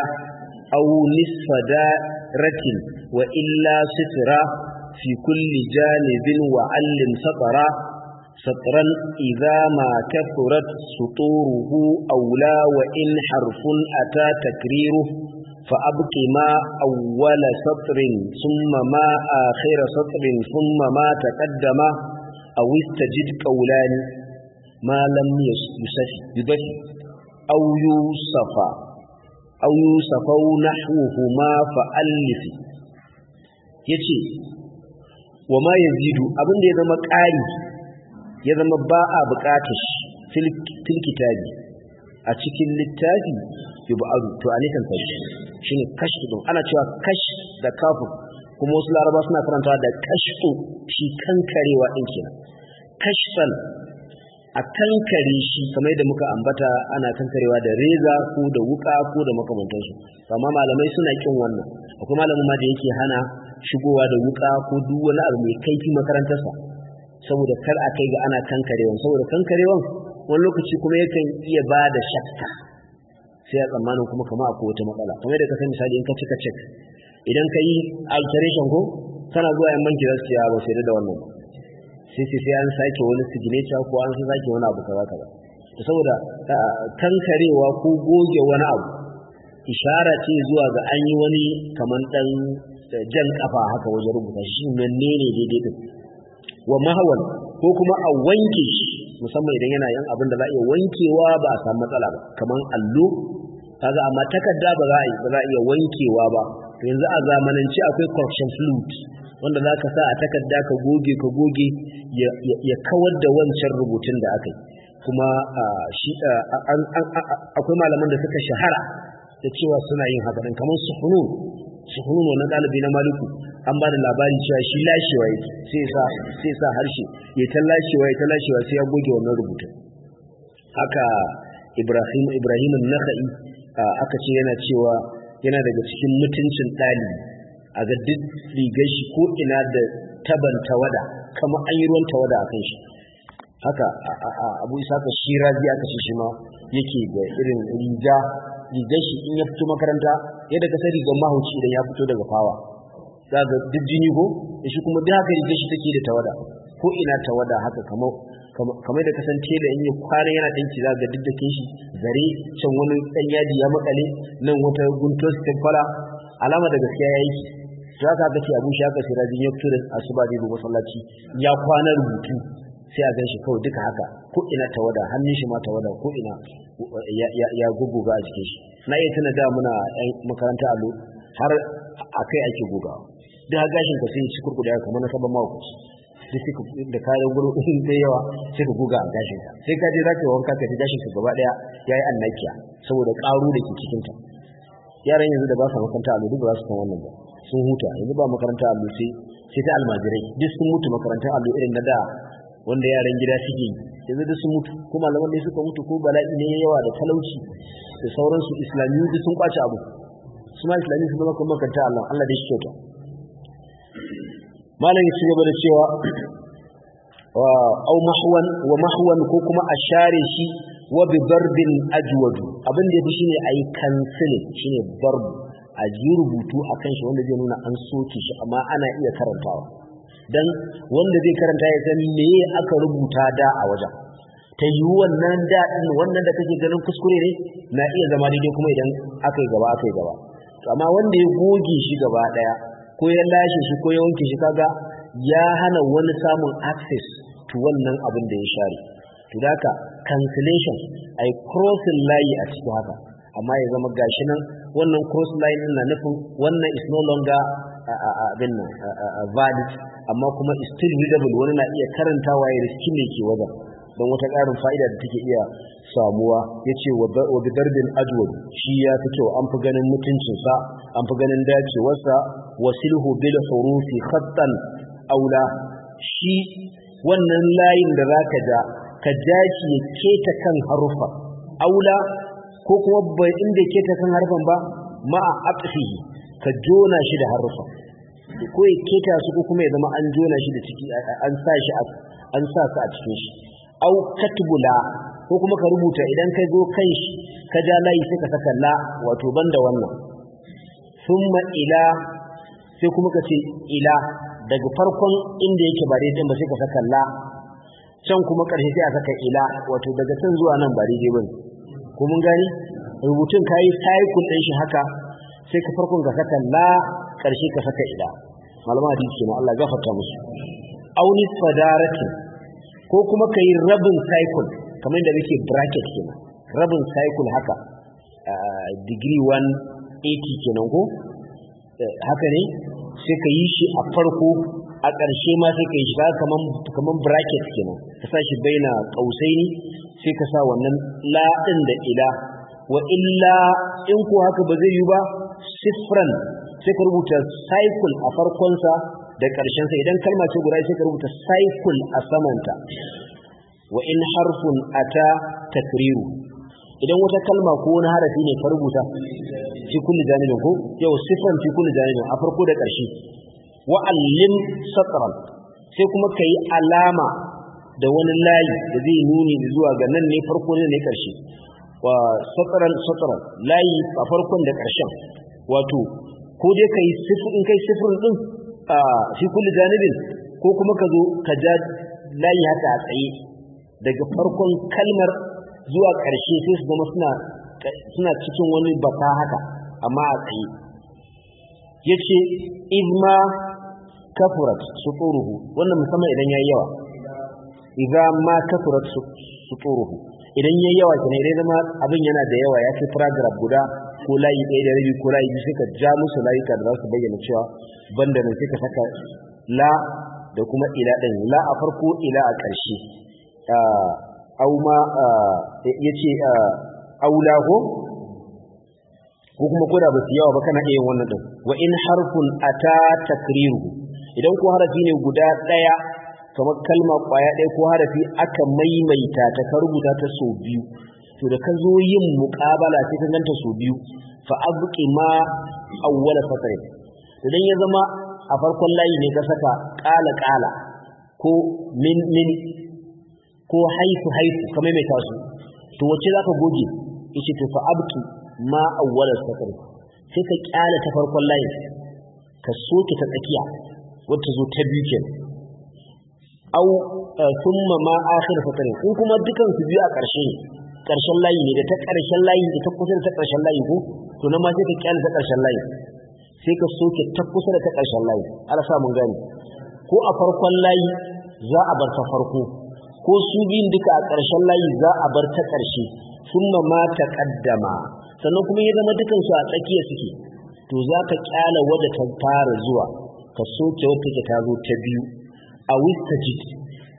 أو نصف دارة وإلا سترة في كل جانب وعلم سطرا Safran iza ma kafurat suturuhu aula wa in harfun ata takriru fa abqi ma awwala satrin thumma ma akhir satrin thumma ma taqaddama aw istajid qawlan ma lam yusajjid aw yusafa aw yusafa nahwuhu ma fa alif yace wa ma yazidu abinda ya zama qari ya zama ba a buƙatar shi kitabi a cikin littafi yub'adu to a nisan sai shine kashfu ana cewa kash da kafin kuma wasu laraba suna karantawa da kashfu shi kankarewa din kashfan a kankare shi kamar yadda muka ambata ana kankarewa da reza ko da wuka ko da makamantansu amma malamai suna kin wannan akwai malamin ma da yake hana shigowa da wuka ko duk wani abu mai kaifi makarantarsa saboda kar a kai ga ana kankarewan saboda kankarewan wani lokaci kuma yakan iya ba da shakka sai a tsammanin kuma kama akwai wata matsala kuma da ka san misali in ka cika cik idan ka yi alteration ko kana zuwa yan banki za su ce ah, ba sai da wannan sai sai sai an sake wani signature ko an sake wani abu kaza kaza saboda kankarewa ko goge wani abu ishara ce zuwa ga an yi wani kamar dan eh, jan kafa haka wajen rubuta shi menene ne daidai wa mahawal ko kuma a wanke shi musamman idan yana yin abin da za a iya wankewa ba a samu matsala ba kamar allo kaga amma takarda ba za a iya wankewa ba yanzu a zamanance akwai corruption fluid wanda za ka sa a takarda ka goge ka goge ya kawar da wancan rubutun da aka yi kuma akwai malaman da suka shahara da cewa suna yin haka kamar su suhunun wannan ɗalibi na maliku an ba da labarin cewa shi lashewa yake sai sa sai sa harshe ya ta lashewa ya ta lashewa sai ya goge wannan rubutu haka Ibrahim Ibrahim an-Nakhai aka ce yana cewa yana daga cikin mutuncin dali a ga duk rigar shi ko ina da taban tawada kama an ruwan tawada a kan shi haka abu isa ka shirazi aka ce shi ma yake da irin riga rigar shi in ya fito makaranta yadda ka sai rigar mahauci idan ya fito daga fawa za ga duk jini ko shi kuma da haka yake shi take da tawada ko ina tawada haka kamar kamar da kasance da in yi kwana yana ɗinki za ga duk jikin shi zare can wani ɗan yaji ya makale nan wata gunto su kwala alama da gaskiya ya yi za ka aka ce abu shi haka sai rajin ya fito da asuba da masallaci ya kwana rubutu sai a gan shi kawai duka haka ko ina tawada hannun shi ma tawada ko ina ya guguga a jikin shi na iya tuna da muna makaranta allo har a kai ake gugawa da gashin ka sai cikurku da ya kuma na saban mako sai ka da kayan guru [LAUGHS] in da yawa sai ka guga gashin ka sai ka je za ka yi wanka ka ji gashin ka gaba daya ya yi annakiya saboda karu da ke cikin ka yaran yanzu da ba su makaranta a lodi ba za su san wannan ba sun huta yanzu ba makaranta a lodi sai ta almajirai duk sun mutu makaranta a lodi irin na da wanda yaran gida suke yi yanzu duk sun mutu ko malaman ne suka mutu ko bala'i ne yawa da talauci da sauransu islamiyu duk sun kwace abu suna islamiyu sun zama kuma makaranta Allah Allah da shi kyauta malam ya ci gaba da cewa au mahwan wa mahwan ko kuma a share shi wa bi darbin ajwadu abin da yafi shine ayi cancelling shine barb a ji rubutu akan shi wanda zai nuna an soke shi amma ana iya karantawa dan wanda zai karanta ya san me aka rubuta da a wajen ta yi wannan daɗin wannan da kake ganin kuskure ne na iya zama daidai kuma idan aka yi gaba aka yi gaba amma wanda ya goge shi gaba ɗaya ko ya lashe shi ko ya wanke shi kaga ya hana wani samun access to wannan abin da ya share to haka cancellation a crossing line a cikin haka amma ya zama gashi nan wannan cross line na nufin wannan is no longer abin nan valid amma kuma is still readable wani na iya karantawa ya riski ne ke wajen don wata ƙarin fa'ida da take iya samuwa ya ce wa bidarbin ajwad shi ya fi kyau an fi ganin mutuncinsa an fi ganin dacewarsa wasilhu bil hurufi khattan aula shi wannan layin da za ka ja ka ja shi ya keta kan harufa aula ko kuma ba inda keta kan harfan ba ma'a aqfihi ka jona shi da harufa ko ya keta su ko kuma ya zama an jona shi da ciki an sa shi an sa su a cikin shi au katbula ko kuma ka rubuta idan kai zo kan shi ka ja layi sai ka saka la wato banda wannan thumma ila sai kuma ka ce ila daga farkon inda yake ba daidai ba sai ka saka la can kuma karshe sai a saka ila wato daga can zuwa nan ba daidai ba ko mun gani rubutun kayi cycle din shi haka sai ka farkon ka saka la ƙarshe ka saka ila malama hadisi kenan Allah ya gafarta musu auni fadaratin ko kuma ka yi rabin cycle kamar da muke bracket kenan rabin cycle haka degree 180 kenan ko eh, haka ne sai ka yi shi a farko a ƙarshe ma sai ka yi shiga kamar bracket kenan ka sa shi baina ƙausai ne sai ka sa wannan la'in da ila wa illa in ko haka ba zai yi ba sifran sai ka rubuta cycle a farkonsa da ƙarshen sa idan kalma ce guda sai ka rubuta cycle a samanta wa in harfun ata takriru idan wata kalma ko wani harafi ne ka rubuta fi kulli janibin ko yau sifan fi kulli janibin a farko da ƙarshe wa allim satran sai kuma kai alama da wani layi da zai nuni zuwa ga nan ne farko ne ƙarshe wa satran satran layi a farkon da ƙarshen wato ko dai kai sifin kai sifin din fi kulli janibin ko kuma ka zo ka ja layi haka a tsaye daga farkon kalmar zuwa ƙarshe sai su zama suna suna cikin wani bata haka amma a tsaye Ya ce izma kafurat tsoruhu. wannan musamman idan ya yi yawa iza ma kafurat tsoruhu. idan ya yi yawa kenan idan zama abin yana da yawa ya ce paragraph guda ko layi ɗaya da rabi ko layi biyu sai ka ja musu layuka da za su bayyana cewa banda mai sai ka saka la da kuma ila ɗin la a farko ila a ƙarshe au ma ya ce aula ko ko kuma koda ba su yawa ba kana iya wannan ɗin wa in harfun a ta takriru idan ko harafi ne guda ɗaya kamar kalma ƙwaya ɗaya ko harafi aka maimaita ta ka ta sau biyu to da ka zo yin muƙabala sai ka ganta su biyu fa abqi ma awwal To idan ya zama a farkon layi ne ka saka ƙala ƙala ko min min ko haifu haifu ka maimaita su to wacce za ka goge yace to fa abqi ma awwal fasari sai ka kyala ta farkon layi ka soke ta tsakiya wacce zo ta biyu kenan au eh, thumma ma akhir fasari in kuma dukan su biyu a ƙarshe ƙarshen layi ne da ta ƙarshen layi da ta kusa da ta ƙarshen layi ko to na ma sai ka kyale ta ƙarshen layi sai ka soke ta kusa da ta ƙarshen layi ala sa mun gani ko a farkon layi za a bar ta farko ko su biyun duka a ƙarshen layi za a bar ta ƙarshe summa ma ta ƙaddama sannan kuma ya zama dukansu a tsakiya suke to za ka kyala wadda ta fara zuwa ka soke wadda take ta zo ta biyu a wista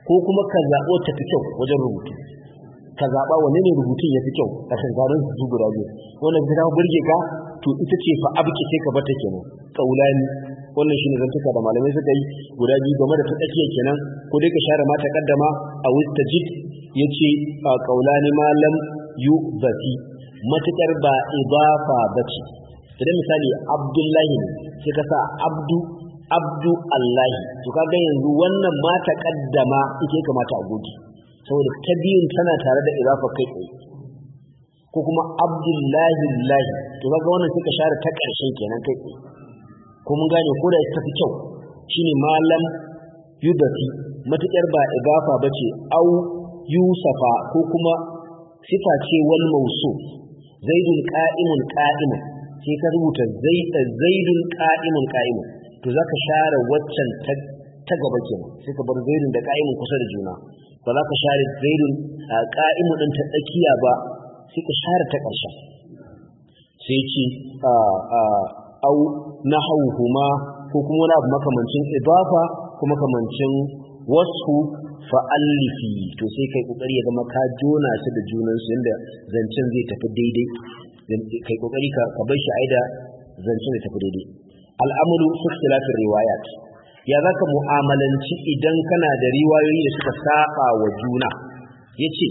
ko kuma ka zaɓo ta fi kyau wajen rubutu ka zaɓa wane ne rubutun ya fi kyau a kankanin su guda biyu wannan ta ta burge ka to ita ce fa abuke sai ka bata kenan kaulani wannan shine zantuka da malamai suka yi guda biyu game da ta tsakiyar kenan ko dai ka share mata kaddama a ce yace kaulani malam yu bati matukar ba ibafa bace idan misali abdullahi ne sai ka sa abdu abdu allahi to kaga yanzu wannan mata kaddama ita kamata a goge saboda ta biyun tana tare da izafa kai tsaye ko kuma abdullahi lahi to ga wannan suka share ta ƙarshen kenan kai tsaye ko mun gane ko da ta fi kyau shine malam yudati matuƙar ba ba ce au yusafa ko kuma sifa ce wal mausu zaidun qa'imun qa'imun sai ka rubuta zaidun qa'imun qa'imun to zaka share waccan ta gaba kenan sai ka bar zaidun da qa'imun kusa da juna ba za ka share gairun ƙa'imu ɗin ta tsakiya ba sai ka share ta ƙarshe sai ce au na hauhuma ko kuma wani abu makamancin idafa ko makamancin wasu fa'allifi to sai kai ƙoƙari ya zama ka jona su da junansu yadda zancen zai tafi daidai kai ƙoƙari ka bai shi aida zancen da tafi daidai al'amuru fi ikhtilafin riwayat ya za ka mu'amalanci idan kana da riwayoyi da suka saba wa juna ya ce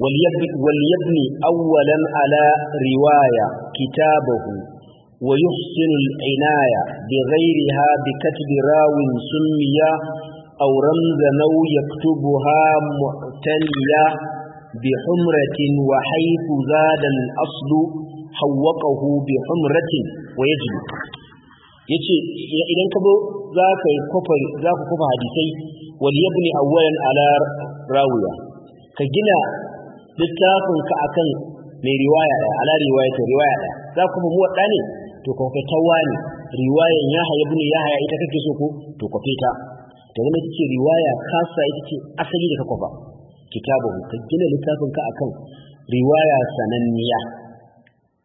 waliyabni awwalan ala riwaya kitabahu wa yuhsinu al-inaya bi ghayriha bi katbi rawin sunniya aw ramzan aw yaktubuha mu'taliya bi humratin wa haythu zada al-aslu hawwaqahu bi humratin wa yajlu yace idan ka zo za ka yi kofar za ku kofa hadisai wal yabni awwalan ala rawiya ka gina littafin ka akan mai riwaya da ala riwaya ta riwaya da za ku mu wadda ne to kai tawa wani riwayan ya haya ibn ya haya ita kake so ko to ka fita to wani take riwaya kasa ita ce asali da ka kofa kitabun ka gina littafin ka akan riwaya sananniya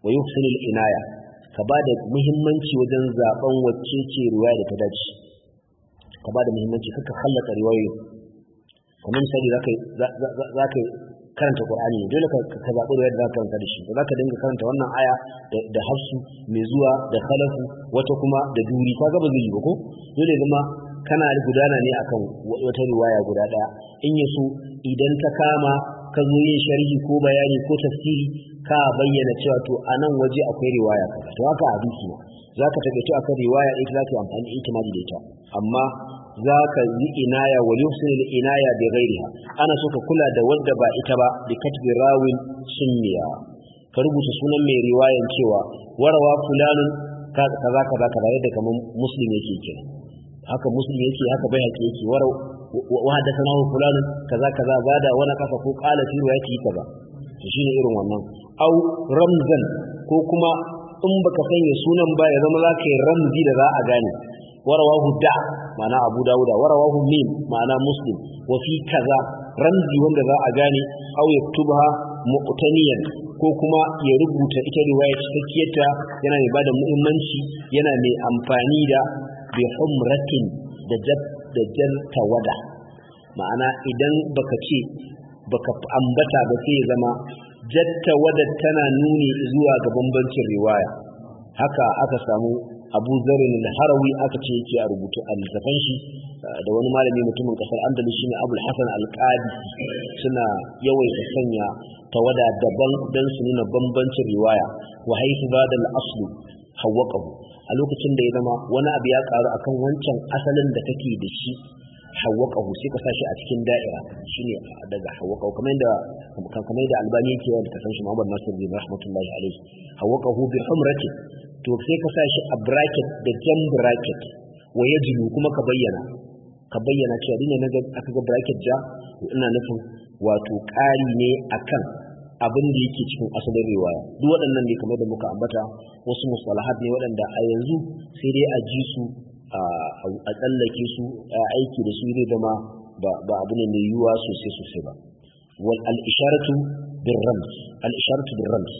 wa yuhsinu al-inaya ka ba da muhimmanci wajen zaben wacce ce riwaya da ta dace ka ba da muhimmanci kaka hallaka riwayoyi kuma misali za ka karanta Qur'ani dole ka ka zabi ruwaya da za ka karanta da shi za ka dinga karanta wannan aya da hafsu mai zuwa da khalafu wata kuma da duri ka ga ba zai yi ba ko dole zama kana gudana ne akan wata riwaya guda daya in yaso idan ta kama ka zo yin sharhi ko bayani ko tafsiri ka bayyana cewa to a nan waje akwai riwaya kaza to haka hadisi ne za ka taɓa cewa kan riwaya ita za ta yi amfani ma da ita amma za ka yi inaya wa al inaya bi ghairiha ana so ka kula da wanda ba ita ba bi katbi rawin sunniya ka rubuta sunan mai riwayan cewa warawa fulanun kaza kaza kaza yadda kaman muslim yake kenan haka muslim yake haka bai yake warawa wa haddathana fulani? kaza kaza zada wani kafa ko qala fi riwayati kaza irin wannan au ramzan ko kuma in baka sanya sunan ba ya zama zaka yi ramzi da za a gane warawahu da ma'ana abu dawuda warawahu mim ma'ana muslim wa fi kaza ramzi wanda za a gane au yaktubaha muqtaniyan ko kuma ya rubuta ita riwaya cikakkiyarta yana mai bada muhimmanci yana mai amfani da bi humratin da da jan tawada ma'ana idan baka ce baka ambata ba sai zama jatta wada tana nuni zuwa ga bambancin riwaya haka aka samu abu zarin harawi aka ce yake a rubutu a littafan shi eh, da wani malami mutumin kasar andalus shine abul hasan al suna yawaita sanya tawada daban don su nuna bambancin riwaya wa haythu badal aslu hawaqahu a lokacin da ya zama wani abu ya karu kan wancan asalin da take da shi ƙahu, sai ka sashi a cikin da'ira ne daga ƙahu, kamar yadda kamar yadda albani yake wanda ka san shi Muhammad Nasir bin rahmatullahi alaihi hawwaqahu bi humrati to sai ka sashi a bracket da jan bracket wa yajlu kuma ka bayyana ka bayyana cewa dina na aka ga bracket ja ina nufin wato ƙari ne akan abin da yake cikin asalin riwaya duk waɗannan ne kamar da muka ambata wasu mustalahat ne waɗanda a yanzu sai dai a ji su a tsallake su a aiki da su zai zama ba abu ne mai yiwuwa sosai sosai ba wal al-isharatu bil rams al-isharatu bil rams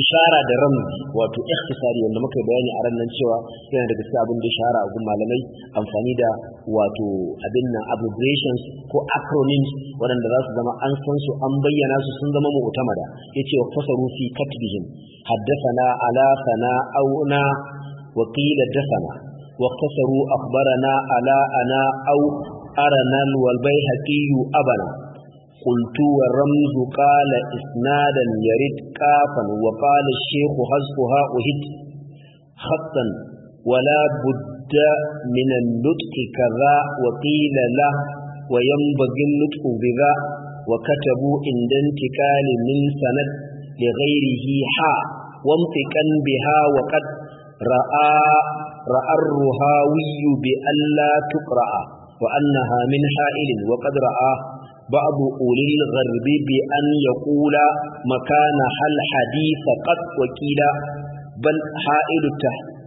ishara da ramzi wato ikhtisari wanda muka bayani a ran nan cewa yana daga cikin abin da ishara a gun malamai amfani da wato abin nan abbreviations ko acronyms waɗanda za su zama an san su an bayyana su sun zama mu'tamada yace wa fasaru fi katbihim haddathana ala sana auna wa qila dathana wa qasaru akhbarana ala ana au arana wal bayhaqi abana قلت ورمز قال إسنادا يرد كافا وقال الشيخ حذفها أهد خطا ولا بد من النطق كذا وقيل له وينبغي النطق بذا وكتبوا عند انتقال من سند لغيره حا وانطقا بها وقد رأى رأى الرهاوي بألا تقرأ وأنها من حائل وقد رآه بعض أولي الغرب بأن يقول مكان هل حديث قد وكيل بل حائل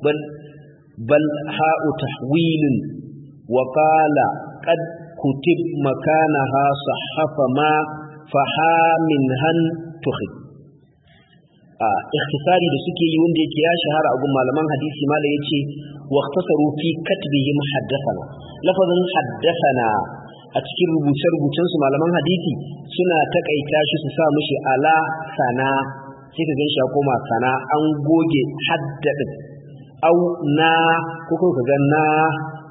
بل بل حاء تحويل وقال قد كتب مكانها صحف ما فها منها تخذ آه اختصاري da suke yi wanda yake ya shahara a gun malaman hadisi mala yace waqtasaru fi katbihim haddathana haddasa na. a cikin rubuce-rubucensu malaman hadisi suna takaita shi su sa mishi ala sana sai ka gan shi koma sana an goge haddada au na ko ka ga na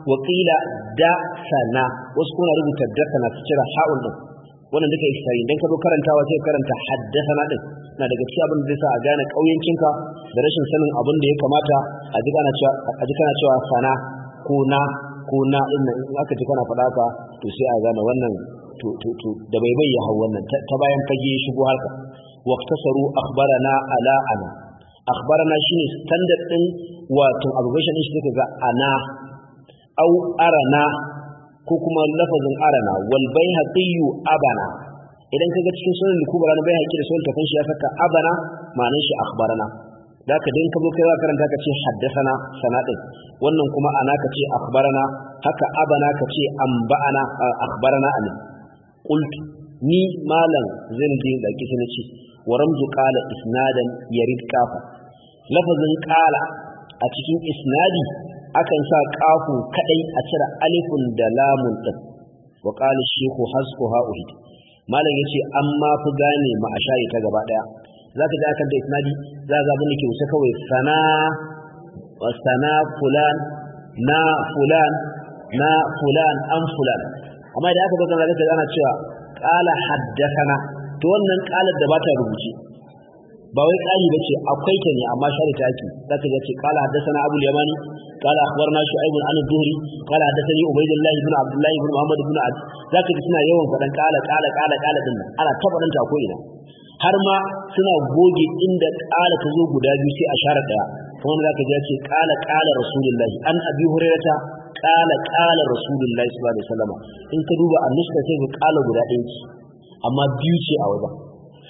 wakila da sana wasu kuna rubuta da sana su cira ha'ul din wannan duka istari dan ka zo karantawa sai karanta haddasana din na daga cikin abin da zai sa a gane ka da rashin sanin abin da ya kamata a ji kana cewa sana ko na ko na din in aka ji kana faɗa ka to sai a gane wannan to da bai bai ya wannan ta bayan fage shigo harka waqtasaru akhbarana ala ana shi ne standard din wato abbreviation din shi ga ana au arana ko kuma lafazin arana wal bayhaqi abana idan ka ga cikin sunan kubra na bayhaqi da sunan tafin shi ya saka abana ma'anin shi akhbarana da ka din ka zo kai za karanta ka ce haddasana sanadin wannan kuma ana ka ce akhbarana haka abana ka ce anba'ana akhbarana an qultu ni malam zan je da kisa nace wa ramzu qala isnadan yarid kafa lafazin qala a cikin isnadi akan sa kafu kadai a cire alifun da lamun din wa qala shaykhu hasquha uhid malam yace amma fi gane ma a shayi ta gaba daya za ka ji akan da isnadi za ga abin ke wuce kawai sana wa sana fulan na fulan na fulan an fulan amma idan aka zo kan ana cewa qala haddathana to wannan qalar da ba ta rubuce ba wai kali bace akwai ta ne amma shari ta zaka ga ce qala haddathana abul yamani qala akhbarna shu'aib an ad-duhri qala haddathani ubaydullah ibn abdullah ibn muhammad ibn ad zaka ji suna yawan fadan qala qala qala qala din ana tabaranta ko ina har ma suna goge inda ƙala ta zo guda biyu sai a share ɗaya kuma wanda zaka ji ce ƙala ƙala rasulullahi an abi hurairata ƙala ƙala rasulullahi sallallahu alaihi wasallam in ka duba a nuska sai ka ƙala guda ɗaya ce amma biyu ce a wajen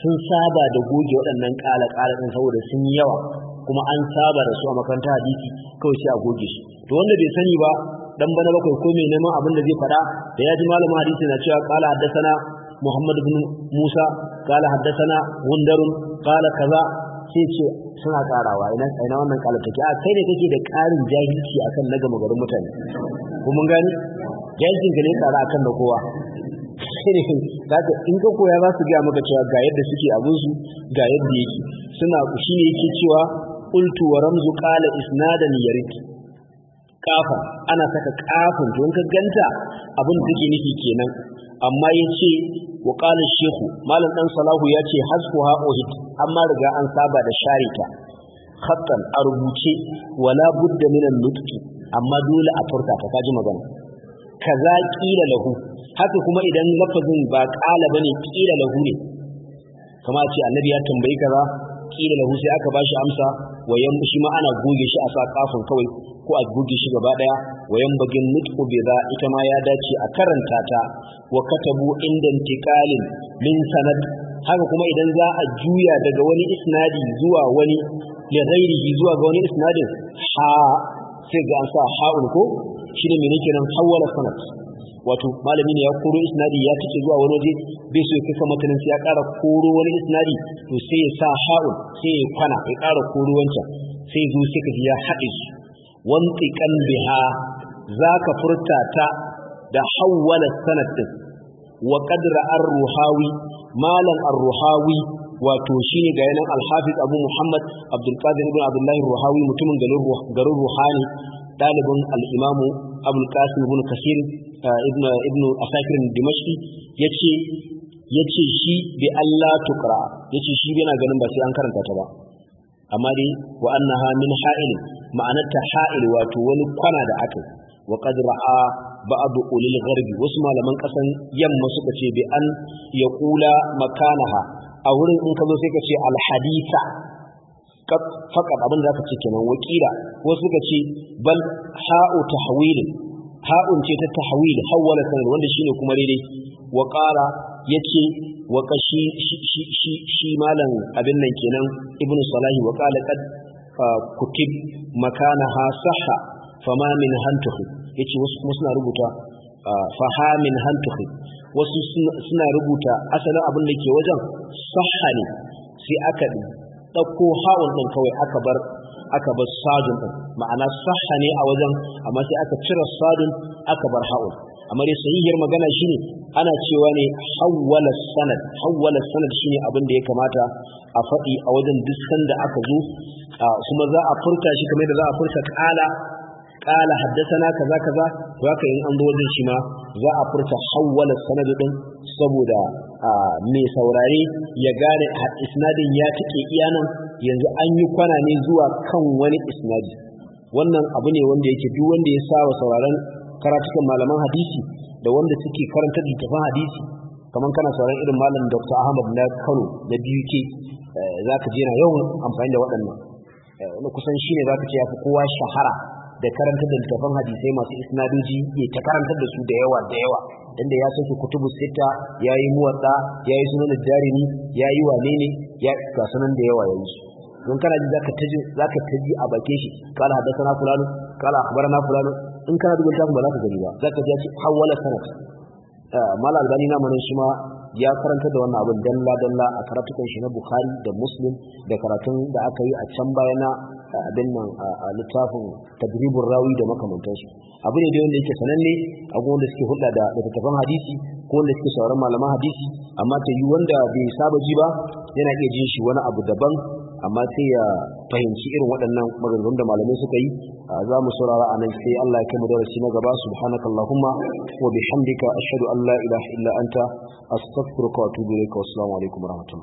sun saba da goge waɗannan ƙala ƙala din saboda sun yi yawa kuma an saba da su a makaranta hadisi kawai sai a goge su to wanda bai sani ba dan bana bakwai ko mai neman abin da zai faɗa da ya ji malamin hadisi na cewa ƙala na? محمد بن موسى قال حدثنا غندر قال كذا sai ce suna karawa ina ina wannan kalar take a kai ne kake da karin jahilci akan na gama garin mutane ko mun gani jahilcin ka ne tsara akan da kowa sai kaga in ka koya za su ga maka cewa ga yadda suke abun su ga yadda yake suna shi ne yake cewa qultu wa ramzu qala isnadan yarid kafa ana saka kafin don ka ganta abin da take nufi kenan amma yace wa qala shaykh malam dan salahu yace hasbuha uhit amma riga an saba da sharita khatan a rubuce wala budda min nutqi amma dole a furta ta kaji magana kaza kila lahu haka kuma idan lafazin ba qala bane kila lahu ne kama ce annabi ya tambayi kaza kila lahu sai aka bashi amsa yan shi ma ana goge shi a sa kafin kawai ko a goge shi gaba daya wayan bagin nutqu bi za ita ma ya dace a karanta ta wa katabu inda intiqalin min sanad haka kuma idan za a juya daga wani isnadi zuwa wani li ghairihi zuwa ga wani isnadin ha sai ga sa ha'ul ko shi ne menene kenan hawala sanad wato malami ne ya koro isnadi ya take zuwa wani waje bai so ya kusa sai ya ƙara koro wani isnadi to sai ya sa ha'un sai ya kwana ya ƙara koro wancan sai zo sai ka ya haɗe su wantiƙan biha za ka furta ta da hawwala sanatin wa qadra ar-ruhawi malan ar-ruhawi wato shine ga yanan al-hafiz abu muhammad abdul qadir ibn abdullah ar-ruhawi mutumin garin ruhani ɗalibin al-imamu abul qasim ibn kasir uh, ibn ibn asakir dimashqi yace yace shi bi Allah tukra yace shi yana ganin ba sai an karanta ta ba amma dai wa annaha min ha'il ma'anarta ha'il wato wani kwana da aka wa qad ra'a ba'du ulil gharbi wasu malaman kasan yamma suka ce bi an yaqula makanaha a wurin in ka zo sai ka ce al haditha faqat abin da aka ce kenan wakila wasu suka ce bal ha'u tahwil ha'un ce ta tahwil hawala sanar wanda shine kuma daidai wa qala yace wa kashi shi shi shi malam abin nan kenan ibnu salahi wa qala qad kutib makanaha sahha fama min hantuhi yace wasu kuma suna rubuta ah, min hantuhi wasu suna rubuta asalin abin da ke wajen sahha ne sai aka ɗauko ha'un ɗin kawai aka bar aka bar sadun ɗin ma'ana sahha ne a wajen amma sai aka cire sadun aka bar ha'un amma dai sahihiyar magana shine ana cewa ne hawwala sanad hawwala sanad shine abin da ya kamata a faɗi a wajen duk sanda aka zo kuma za a furta shi kamar da za a furta ƙala ƙala haddasa kaza kaza Za ka in an zo wajen shi ma za a furta hawwala sanad din saboda mai saurare ya gane a isnadin ya take iyanan yanzu an yi kwana ne zuwa kan wani isnadi wannan abu ne wanda yake duk wanda ya sa wa sauraron karatukan malaman hadisi da wanda suke karanta littafin hadisi kamar kana sauraron irin malam Dr. Ahmad na Kano na BUK eh, za ka je na yawan amfani da waɗannan eh, Wani kusan shine za ka ce ya fi kowa shahara da karantar da littafan hadisai masu isnadoji ya ta karantar da su da yawa da yawa inda ya soke kutubu sita ya yi muwatsa ya yi sunan jarini ya yi wane ne ya ga sunan da yawa ya yi su don kana ji zaka taji zaka taji a bake shi kala hadathana fulano kala akhbarana fulano in kana dubin littafin ba za ka gani ba zaka ji ya ce hawala sanad eh, mala albani na manin shi ma ya karanta da wannan abin dalla dalla a karatukan shi na bukhari da muslim da karatun da aka yi a can baya na abin nan a littafin tadribur rawi da makamantansu abu ne da wanda yake sananne a wanda suke hulɗa da littattafan hadisi ko wanda suke sauran malaman hadisi amma ta yi wanda bai saba ji ba yana iya jin shi wani abu daban amma sai ya fahimci irin waɗannan maganganun da malamai suka yi za mu saurara a nan sai Allah ya mu darasi na gaba subhanakallahumma wa bihamdika ashhadu an la ilaha illa anta astaghfiruka wa atubu ilaik wa assalamu alaikum